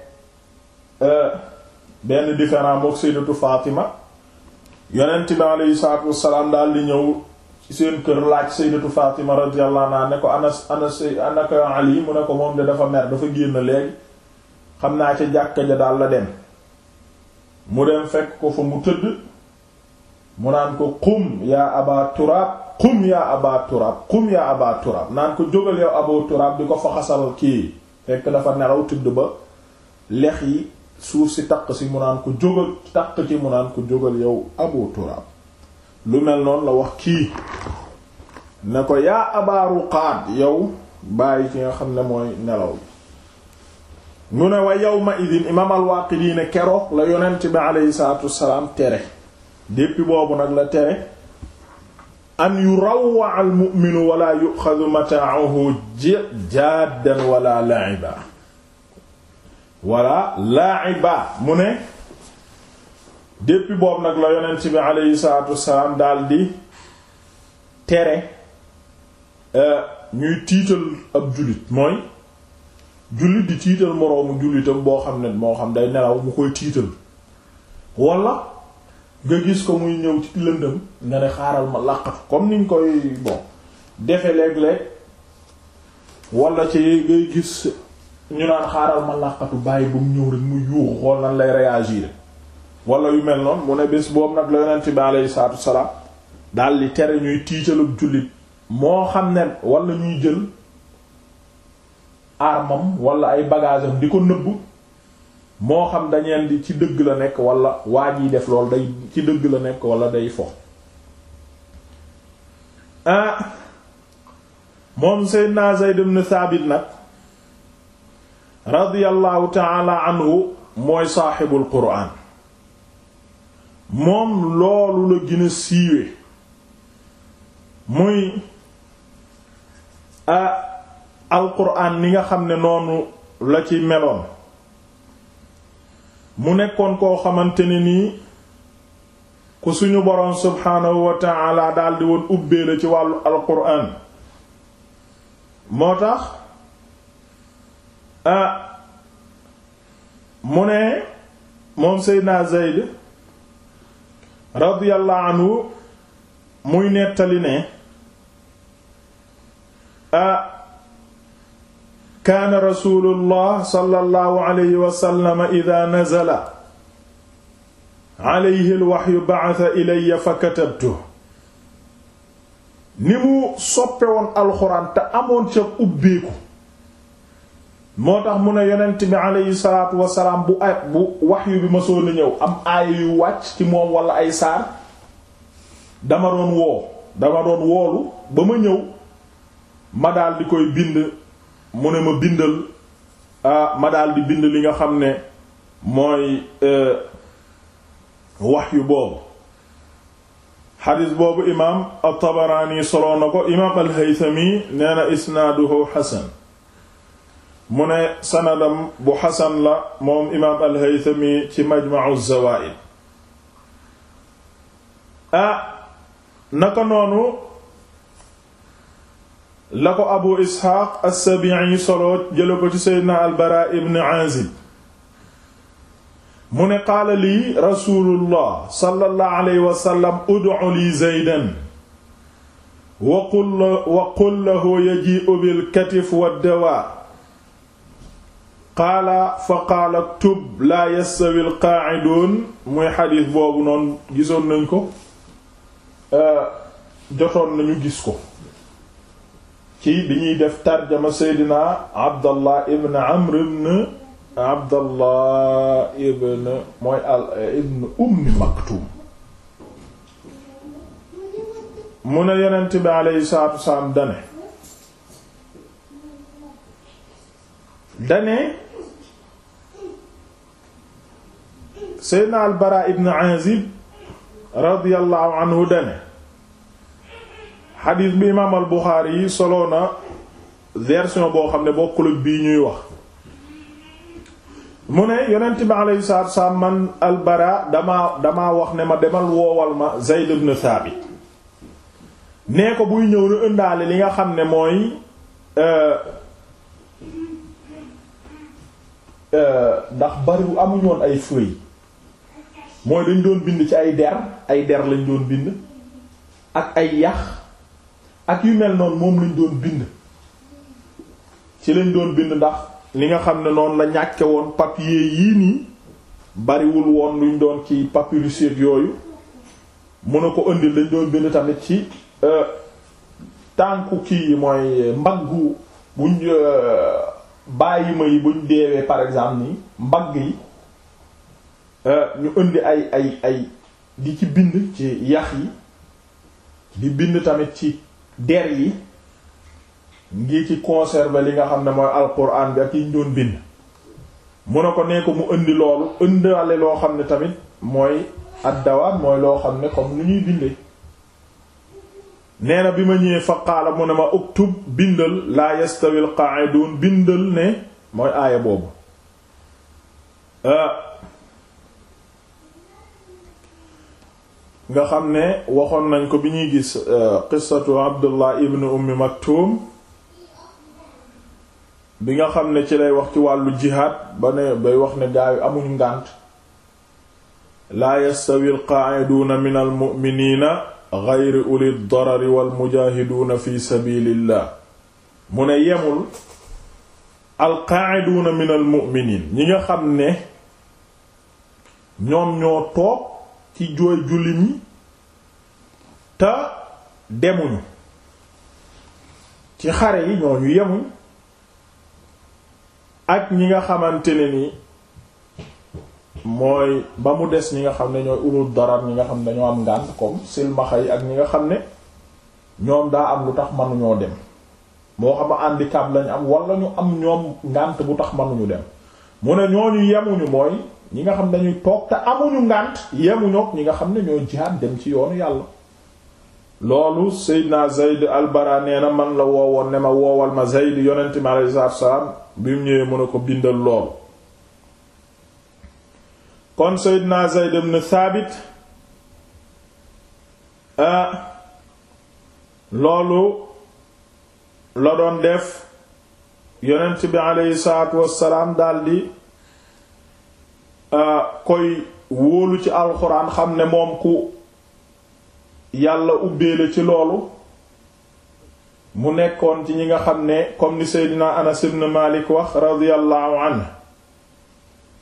euh, benn différent mook Sayyidatu Faatima yonent bi aleyhi salaatu wassalaam daal di ñëw seen kër laaj sayyidatu Fatima radiyallahu anha ne ko anas anas anaka Ali mu ne ko moom de dafa mer dafa génn léegi xam naa ca jàkka ja daal la dem mu dem fekk ko fa mu tëdd mu naan ko qum yaa aba turaab qum yaa aba turaab qum yaa aba turaab naan ko jógal yow turaab di ko fa xasal kii fekk dafa nelaw tëdd ba lex yi suuf si taq si mu naan ko jógal taq ci mu naan ko jógal yow Abu Turaab lu mel noonu la wax kii ne ko yaa Abaa Ruqaad yow bàyyi ci nga xam ne mooy nelaw bi mu ne wa yawma idin imaam al-Waaqidi keroog la yonent bi aleyhi salaatu wassalaam tere depuis boobu nag la tere an yurawwa al-mu'minu wala yu'xadu mataa'uhu jaadan wala la'iba walla laa'iba mu ne depuis boobu nag la yonent bi aleyhi salaatu wassalaam daldi tere euh, ñuy tiital ab jullit mooy jullit di tiital moroomu jullitam boo xam ne moo xam day nelaw mu koy tiital walla nga gis ko muy ñëw ci lëndëm nga ne xaaral ma làqatu comme niñ koy bon defe léeg-léeg walla ci ngay gis ñu naan xaaral ma làqatu bàyyi ba mu ñëw rek xool nan lay réagir walla yu mel noonu mu ne bés boobu nag la yonent bi aleyhi salaam daal di tere ñuy tiitalu jullit moo xam ne wala ñuy jël armam wala ay bagage di ko nëbb moo xam dañeen di ci dëgg la nekk walla waa jiy def loolu day ci dëgg la nekk wala day fo ah moom Seydina Zayd ibn Thabit nag radiyallahu taala anhu mooy saaxibul quraan moom loolu la gën a siiwe muy a alquraan ni nga xam ne noonu la ci meloon mu nekkoon koo xamante ni nii ku suñu boroom subhaanahu wa taala daldi woon ubbee la ci wàllu alquraan moo tax ah mu ne moom Seydina Zayd radiyallahu anhu muy nettali ne ah kaana rasulullah sallallahu alayhi wa sallam idha nazala alayhi alwahyu ba'atha ilayya fa katabtu ni mu soppe woon alxuraan te amoon ca ubbeeku moo tax mu ne yonent bi aleyhi salaatu wasalaam bu ay bu waxyu bi ma soon a ñëw am aaya yu wàcc ci moom walla ay saar dama doon woo dama doon woolu ba ma ñëw ma daal di koy bind mu ne ma bindal ma daal di bind li nga xam ne mooy e, waxyu boobu xadis boobu imaam at-Tabaraani na ko imaam al nee na isnaaduhu hasan mu ne sanadam bu xasan la moom imaam al-Haythami ci majma'u zawaa'id ah naka noonu la ko abu isxaaq as-Sabi'i solo jële ko ci seydna al-Bara ibn Azib mu ne qaala lii rasulullah sallallahu alayhi wa sallam ud'u li zaydan wa qul lahu yaji'u bil katif wad dawa qaala fa qaala tub laa yastawi alqaaciduun muy xadiis boobu noonu gisoon nañ ko euh, jotoon nañu gis ko ci bi ñuy def tarjama seydina abdallah ibn amr ibn abdallah ibn mooy al euh, ibn ummi maktuum mu ne yonent bi aleyhi salaatu wasalaam dane dane seydna al bara ibn azib radiyallahu anhu dane xadiis bi imaam buxaari yi soloo na version boo xam ne bokkul bii ñuy wax mu ne yonent bi alayhi salaatu wasalaam man al bara damaa damaa wax ne ma demal woowal ma zayd ibn thabit nee ko buy ñëw na ëndaale li nga xam ne mooy euh, euh, ndax bariwu amuñoon ay feuilles mooy dañ doon bind ci ay der ay der lañ doon bind ak ay yax ak yu mel noon moom lañ doon bind ci lañ doon bind ndax li nga xam ne noonu la ñàkke woon papier yii nii bariwul woon luñ doon ci papyrus yooyu mën a ko indi lañ doon bind tamit ci euh, tànku kii yi mooy mbaggu buñ euh, bàyyi ma yi buñ deewee par exemple nii mbagg yi Euh, ñu indi ay ay ay di ci bind ci yax yi di bind tamit ci der yi ngi ci conserver li nga xam ne mooy alquran bi ak yi ñu doon bind mu ne ko nee ko mu indi loolu indiwale loo xam ne tamit mooy addawaat mooy loo xam ne comme lu ñuy bindee nee bi ma ñëwee fa qaala mu ne ma uktub bindal laa yastawil qa'idun bindal ne mooy aaya boobu euh, nga xam ne waxoon nañ ko bi ñuy gis euh, qissatu abdullah ibn ummi maktum bi nga xam ne ci lay wax ci wàllu jihaad ba ne bay wax ne gaayu amuñu ngànt laa yastawi alqaaciduuna min almuminina geyri uli darari walmujaahiduuna fi nga xam ne ñoom ñoo toog ci jooy jullit ñi te demuñu ci xare yi ñoo ñooñu yemuñ ak ñi nga xamante ne ni mooy ba mu des ñi nga xam ne ñooy ulul darar ñi nga xam ne dañoo am ngànt comme silmaxa yi ak ñi nga xam ne ñoom daa am lu tax mënuñoo dem moo xam a handicap lañ am wala ñu am ñoom ngànt bu tax mënuñu dem mu ne ñooñu yemuñu mooy ñi nga xam ne dañuy toog te amuñu ngànt yemuñoog ñi nga xam ne ñoo jihaad dem ci yoonu yàlla loolu Seydina Zayd al-Bara na man la woowoon ne ma woowal ma Zayd yonent mi alayhi a ko bindal loolu kon Seydina Zayd ibn Thabit ah loolu la doon def yonent bi alayhi salaatu wassalaam daldi koy wóolu ci alxuraan xam ne moom ku yàlla ubbeele ci loolu mu nekkoon ci ñi nga xam ne comme ni seydina anas ibn malik wax radiyallahu anhu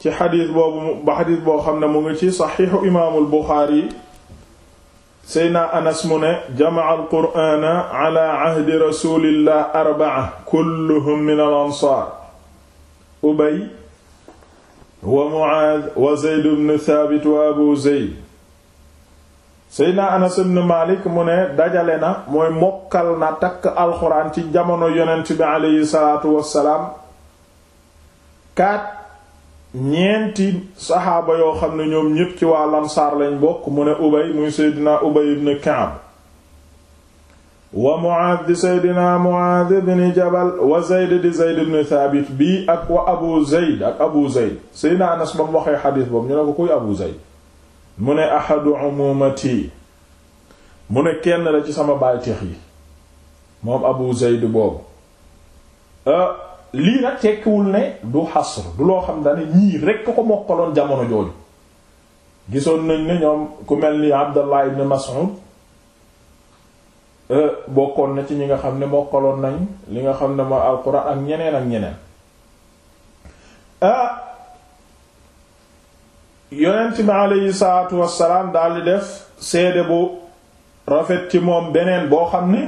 ci xadiis boobu ba xadiis boo xam ne mu ngi ci saxiixu imaamul buxaari seydina anas mu ne jamaa alqur'aana ala ahdi rasulillah arbaa kulluhum min al ubay wa wa Zayd ibn Thaabit wa Abu Zayd Seydina Anas ibn Malik mu ne dajale na mooy mokkal na takk alxuraan ci jamono yonent bi aleyhi salaatu wassalaam kaat ñeenti saxaaba yoo xam ne ñoom ñépp ci waa Ansaar lañ bokk mu ne Ubay muy Seydina Ubay ibn Ka'b wa Muaad di Seydina Muaad ibn Jabal wa Zayd di Zayd ibn Thabit bii ak wa Abu Zayd ak Abu Zayd Seydina Anas ba mu waxee xadiis boobu ñu ne ko kuy Abu Zayd mu ne ahadu umumati mu ne kenn la ci sama bàyteex yi moom Abu Zayd boobu euh, lii nag tekkiwul ne du xasr du loo xam dane ñii rekk ko mokkaloon jamono jooju gisoon nañ ne ñoom ku mel ni Abdallah ibn Mas'ud Euh, bokkoon na ci ñi nga xam ne mokkaloon nañ li nga xam ne mooy alquran ak ñeneen ak ñeneen ah yonent bi aleyhi salaatu wassalaam daldi def seede bu rafet ci moom beneen boo xam ne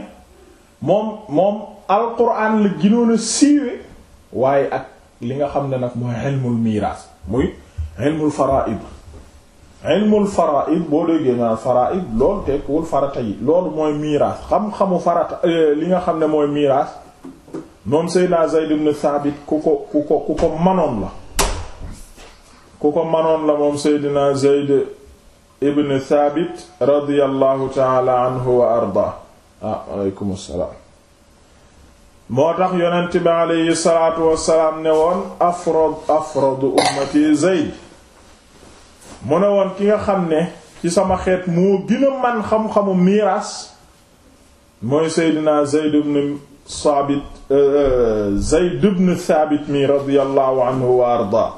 moom moom alquran la ginoon a siiwe waaye ak li nga xam ne nag mooy ilmul miiraas muy ilmul faraa'id ilmul faraid boo déggee naan faraid loolu tekkiwul farata yi loolu mooy miraas xam-xamu farata euh, li nga xam ne mooy miraas moom Seydina Zayd ibn Thabit ku ko ku ko ku ko manoon la ku ko manoon la moom Seydina Zayd ibn Thabit radiyallahu taala anhu wa arda ah aleykum salaam moo tax yonent bi aleyhi salaatu wassalaam ne woon afrad afradu ummati Zayd mu na woon ki nga xam ne ci sama xeet moo gën a man xam-xamu miiraas mooy Seydina Zayd ibn Saabit euh, euh, Zayd ibn Saabit mi radiyallahu anhu wa ardaa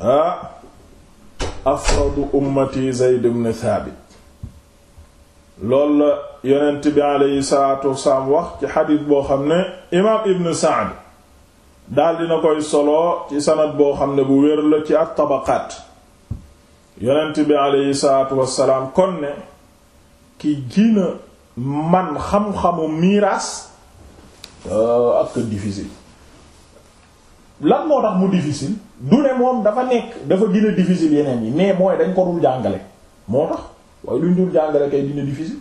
ah afradu ummati Zayd ibn Saabit loolu la yonent bi aleyhi salaatu wasalaam wax ci xadiis boo xam ne imaam Ibn Sa'd daal dina koy solo ci sanad boo xam ne bu wér la ci ak tabaqaat yonent bi aleyhi salaatu wassalaam kon ne ki gina man xam-xamu miraas euh, ak difficile lan moo tax mu difficile du ne moom dafa nekk dafa gën a difficile yeneen yi mais mooy dañ ko dul jàngale moo tax waaye luñ dul jàngale kay dina difficile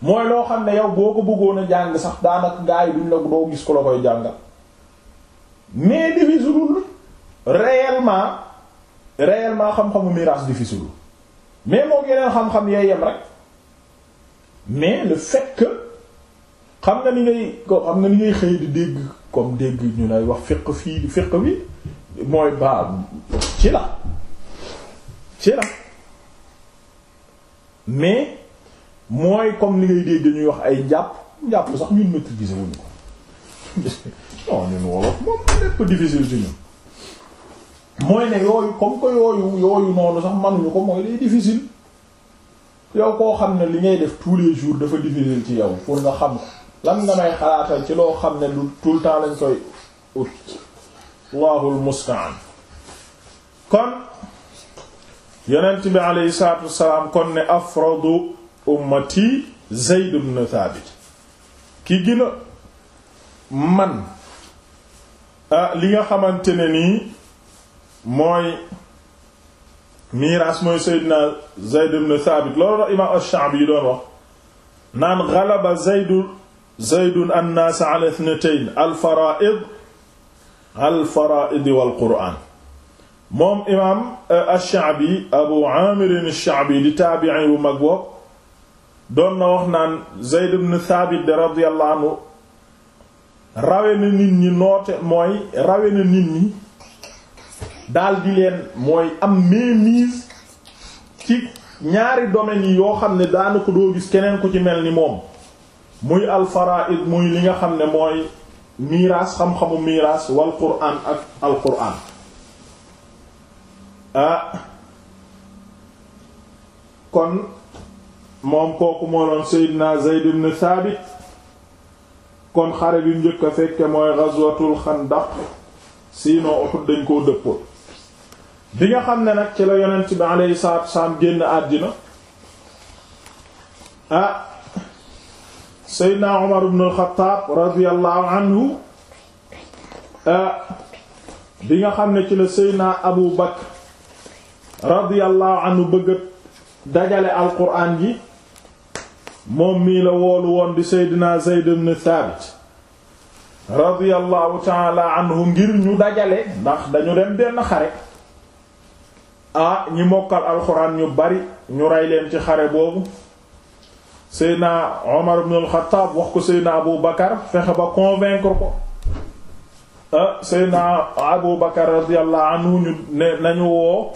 mooy loo xam ne yow boo ko bëggoon a jàng sax daanaka gaa yi duñ doo gis ko la koy jàngal mais difficile réellement réellement xam-xamu miraas difficile mais moo yeneen xam-xam yee yem rek mais le fait xam na ni ngay ko xam nga ni ngay xëy di dégg comme dégg ñu lay wax fiq fii di fiq bi mooy baa ci la ci la mais mooy comme li ngay dégg ñuy wax ay njàpp njàpp sax ñun maîtriser wuñu ko non ñun moom lépp difficile ci ñun mooy ne yooyu comme que yooyu yooyu noonu sax mënuñu ko mooy lay difficile yow koo xam ne li ngay def tous les jours dafa difficile ci yow pour nga xam lan nga may xalaatal ci loo xam ne lu tout le lañ koy ut allahul musta'an kon yonent bi aleyhi salaatu wassalaam kon ne afradu ummati Zayd ibn Thabit ki gën a man Ah, li nga xamante ne nii mooy miiraas mooy Seydina Zayd ibn Thabit loolu la imaam ash-Sha'bi yi doon wax naan ghalaba Zaydun Zaydun an-naas ala ithnatayn al-faraa'id al-faraa'id wal-Qur'aan moom imaam eh, ash-Sha'bi Abu Aamir ash-Sha'bi di taabi'i bu mag boobu doon na wax naan Zayd ibn Thabit de radiyallahu anhu rawe na nit ñi noote mooy rawe na nit ñi daal di leen mooy am mainmise ci ñaari domaines yoo xam ne daanaka doo gis keneen ku ci mel ni moom muy alfaraid muy li nga xam ne mooy miraas xam-xamu miraas wal ak al ah. kon moom kooku moo doon Seydina Zayd Thabit kon xare bi njëkk a fekke mooy ghazwatul xandaq sinon Uhud dañ koo dëppoon bi nga xam ne nag ci la yonent bi alayhi salaatu wasalaam génn àddina ah Seydina Umar ibn al radiyallahu anhu bi nga xam ne ci la Seydina Abu Bakr radiyallahu anhu bëgg dajale alquran ji moom mii la woolu woon di seydina Zayd ibn Thabit radiyallahu taala anhu ngir ñu dajale ndax dañu dem benn xare ah ñi mokkal alxuraan ñu bari ñu rey ci xare boobu seydina Omar ibn al-Khattab wax ko seydina Abu Bakar fexe ba convaincre ko seydina Abu Bakar radiyallahu anhu ne nañu woo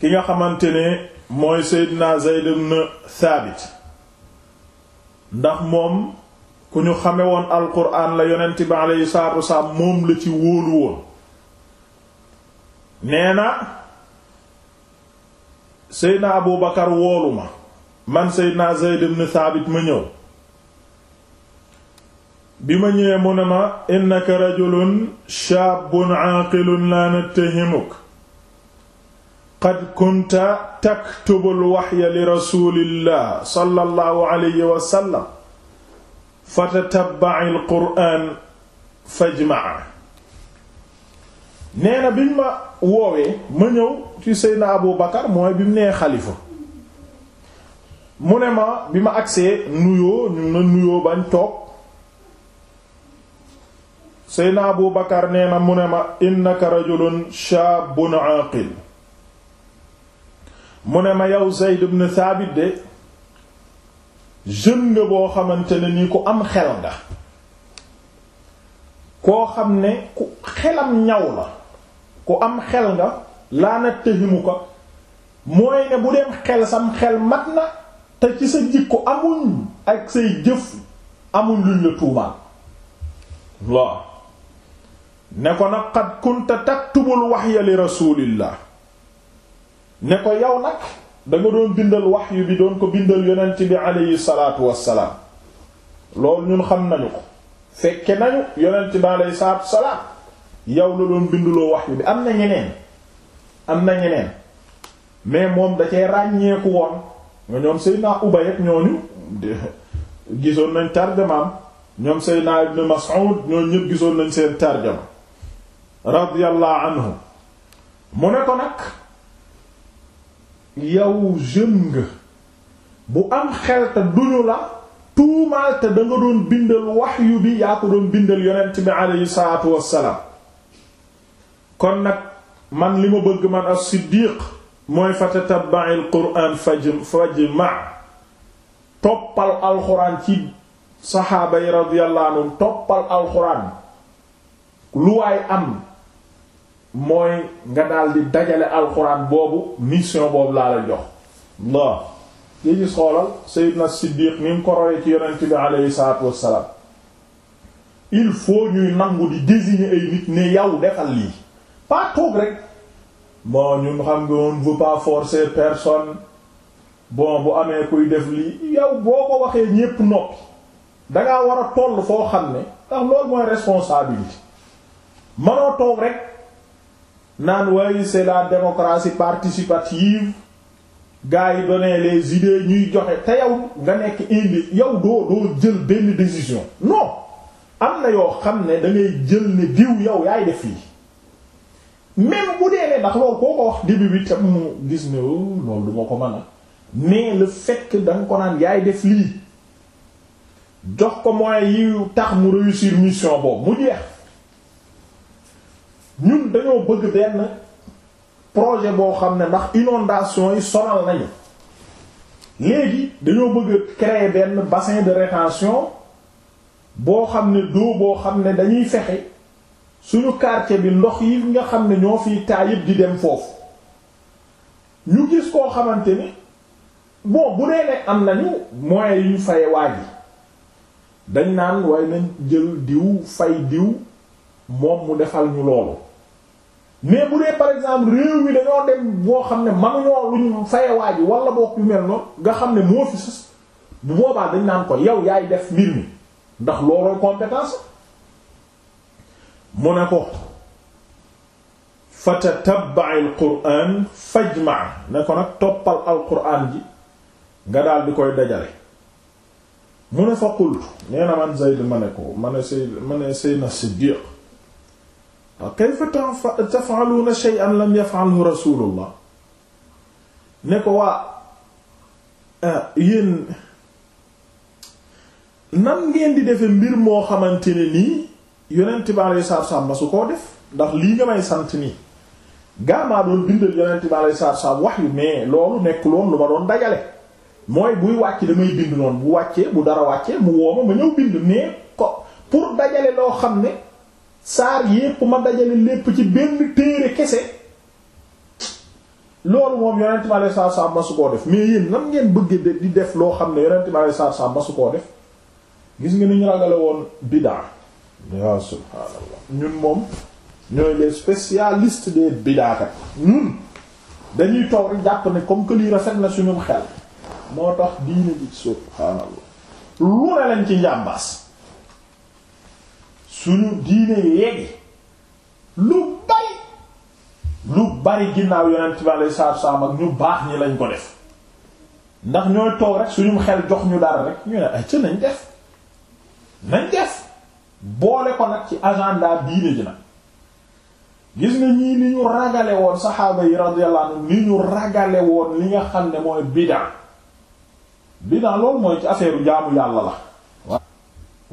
ki nga xamante ne mooy Seydina Zayd ibn Thabit ndax moom ku ñu xame woon alquran la yonent bi aleyhi salaatu wasalaam moom la ci wóolu nee na Seydina Abu Bakar woolu ma man Seydina Zayd ibn Thabit ma ñëw bi ma ñëwee mu ne ma innaka rajulun shaabun aaqilun la nattahimuk qad kunta taktubul waxya li rasulillah sallallahu alayhi wa sallam fatatabbaci alqur'aan fajmaca nee na bi ñu ma woowee ma ñëw ci seydna abu bakar mooy bi mu nee xalifa mu ne ma bi ma agsee nuyoo ñu na nuyoo bañ toog seydna abu bakar nee na mu ne ma innaka rajulun shaabun aaqil mu ne ma yow Zayd ibn Thabit de jeune nga boo xamante ne nii ku am xel nga koo xam ne ku xelam ñaw la ku am xel nga laa na tëhimu ko mooy ne bu dem xel sam xel mat na te ci sa jikko amul ak say jëf amul luñ la tuumaal waaw ne ko nag qad kunta taktubul wahya li rasulillah ne ko yow nag da nga doon bindal wahyu bi doon ko bindal yonent bi aleyhi salaatu wassalaam loolu ñun xam nañu ko fekke nañu yonent bi aleyhi salaatu wassalaam yow la doon binduloo wahyu bi am na ñeneen am na ñeneen mais moom da cee ràññeeku woon nga ñoom Seydina Ubay ak ñooñu gisoon nañ tarjamaam ñoom Seydina Ibn Mas'ud ñooñu ñëpp gisoon nañ seen tarjama radiyallahu anhu mu ne ko nag yow jeune nga bu am xel te duñu la tuumaal te da nga doon bindal wahyu bi yaa ko doon bindal yonent bi aleyhi salaatu wassalaam kon nag man li ma bëgg man as-Siddiq mooy fa tataba'il qur'aan fajma toppal alxuraan ci saxaaba yi radiyallahu toppal alxuraan lu waay am mooy nga daal di dajale alxuraan boobu mission boobu laa la jox Allah li gis xoolal Seydina Siddiq ni mu ko ci yonent bi aleyhi salaatu wassalaam il faut ñuy nangu di désigner ay nit ne yow defal lii pas toog rek bon ñun xam nga on ne pas forcer personne bon bu amee kuy def lii yow boo ko waxee ñépp noppi dangaa war a toll foo xam ne ndax loolu mooy responsabilité manoo toog rek naan waaye c'est la démocratie participative gars yi donné les idées ñuy joxe te yow nga nekk indi yow doo doo jël benn décision non am na yoo xam ne da ngay jël ne diw yow yaay def lii même bu dee ne ndax loolu koo ko wax début bi tam mu gis ne oh, loolu du ko mën a mais le fait que da ko naan yaay def lii jox ko moyens yi tax mu réussir mission boobu mu jeex. ñun dañoo bëgg benn projet boo xam ne ndax inondation yi sonal nañu léegi dañoo bëgg créer benn bassin de rétention boo xam ne doo boo xam ne dañuy fexe suñu quartier bi ndox yi nga xam ne ñoo fiy taa di dem foofu ñu gis koo xamante ni bon bu dee ne am nañu moyens yu ñu faye waa ji dañ naan waaye nañ jël diw fay diw moom mu defal ñu loolu mais bu dee par exemple réew mi dañoo dem boo xam ne manuñoo lu ñu fayewaa ji wala bokk noonu nga xam ne moo fi sus bu boobaa dañ naan ko yow yaay def mbir mi ndax looloo compétence mu ne ko fatatabba'i alquran fajmaa ne ko nag toppal alquran ji nga daal di koy dajale mu ne fa qultu nee na man Zayd ma ne ko ma ne Sayyid ma ne Sayyidna Siddiq kayfa taf'aluuna la lam yaf'alhu rasulullah ne ko waa ah, yéen nan ngeen di defe mbir moo xamante ne nii yonent bi alayhi salaatu salaam ma su koo def ndax lii nga may sant nii gaa maa doon bindal yonent bi alayhi salaatu wax yu mais loolu nekk woon lu ma doon dajale mooy buy wàcc damay bind noonu bu wàccee bu dara wàccee mu woo ma ma ñëw bind mais ko pour dajale loo xam ne saar yépp ma dajale lépp ci benn téere kese loolu moom yonent bi alayhi salaatu salaam masu koo def mais yéen nan ngeen bëgg di def loo xam ne yonent bi alayhi salaatu salaam masu koo def gis nga ni ñu ragale woon bidaa yaa subhaanallah ñun moom ñooy les spécialistes des bidaakat ñun dañuy toog rek jàpp ne comme que lii rafet na suñu xel moo tax diine ji subhaanallah lu ne lañ ci njàmbaas suñu diine yeegi lu bari lu bari ginnaaw yonent bi alayhi salaatu wasallam ak ñu baax ñi lañ ko def ndax ñooy toog rek suñu xel jox ñu dara rek ñu ne ay ca nañ def nañ def boole ko nag ci agenda diine ji nag gis nga ñii li ñu ragale woon saxaaba yi radiyallahu anhum li ñu ragale woon li nga xam ne mooy bid'a bid'a loolu mooy ci affaire jaamu yàlla la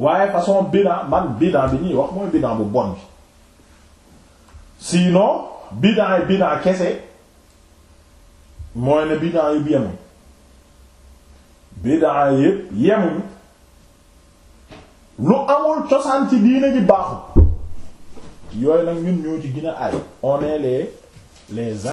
waaye façon bidaa man bidaa bi ñuy wax mooy bidaa bu bon bi sinon bidaa bidaa kese mooy ne bidaa yëpp yemuñ bidaa yëpp yemuñ lu amul cosaan ci diine ji baaxul yooyu nag ñun ñoo ci ay on les